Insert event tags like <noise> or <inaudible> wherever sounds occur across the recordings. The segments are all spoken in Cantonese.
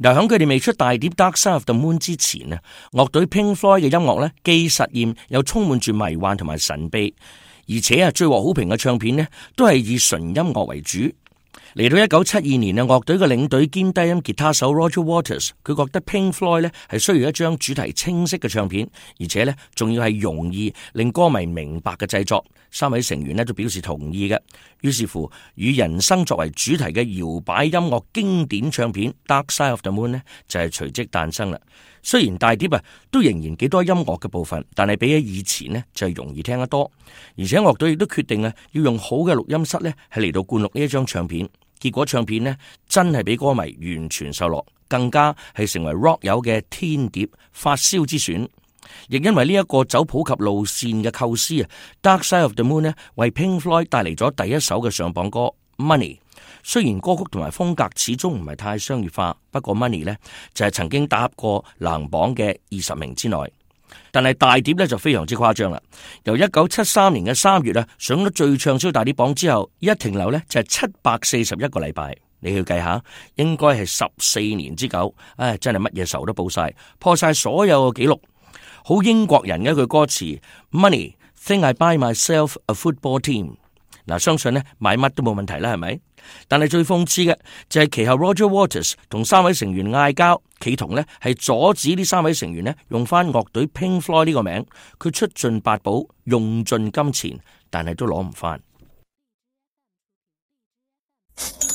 嗱，響佢哋未出大碟《Dark Side of the Moon》之前啊，樂隊 Pink Floyd 嘅音樂咧，既實驗又充滿住迷幻同埋神秘，而且啊，最獲好評嘅唱片咧，都係以純音樂為主。嚟到一九七二年啊，樂隊嘅領隊兼低音吉他手 Roger Waters，佢覺得 Pink Floyd 咧係需要一張主題清晰嘅唱片，而且呢仲要係容易令歌迷明白嘅製作。三位成員咧都表示同意嘅，於是乎，以人生作為主題嘅搖擺音樂經典唱片《Dark Side of the Moon》咧就係隨即誕生啦。雖然大碟啊都仍然幾多音樂嘅部分，但係比起以前呢，就係容易聽得多。而且樂隊亦都決定啊要用好嘅錄音室咧係嚟到灌錄呢一張唱片。結果唱片呢真係俾歌迷完全受落，更加係成為 rock 友嘅天碟發燒之選。亦因為呢一個走普及路線嘅構思啊，《Dark Side of the Moon》呢為 Pink Floyd 帶嚟咗第一首嘅上榜歌《Money》。雖然歌曲同埋風格始終唔係太商業化，不過《Money》呢就係、是、曾經搭過籃榜嘅二十名之內。但係大碟咧就非常之誇張啦，由一九七三年嘅三月啊上咗最暢銷大碟榜之後，一停留咧就係七百四十一個禮拜，你去計下，應該係十四年之久，唉，真係乜嘢仇都報晒，破晒所有嘅紀錄。好英國人嘅一句歌詞，Money，think I buy myself a football team，嗱，相信呢，買乜都冇問題啦，係咪？但係最諷刺嘅就係、是、其後 Roger Waters 同三位成員嗌交，企圖呢係阻止呢三位成員呢用翻樂隊 Pink Floyd 呢個名，佢出盡八寶用盡金錢，但係都攞唔翻。 <laughs>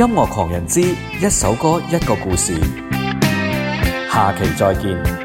音樂狂人之一首歌一個故事，下期再見。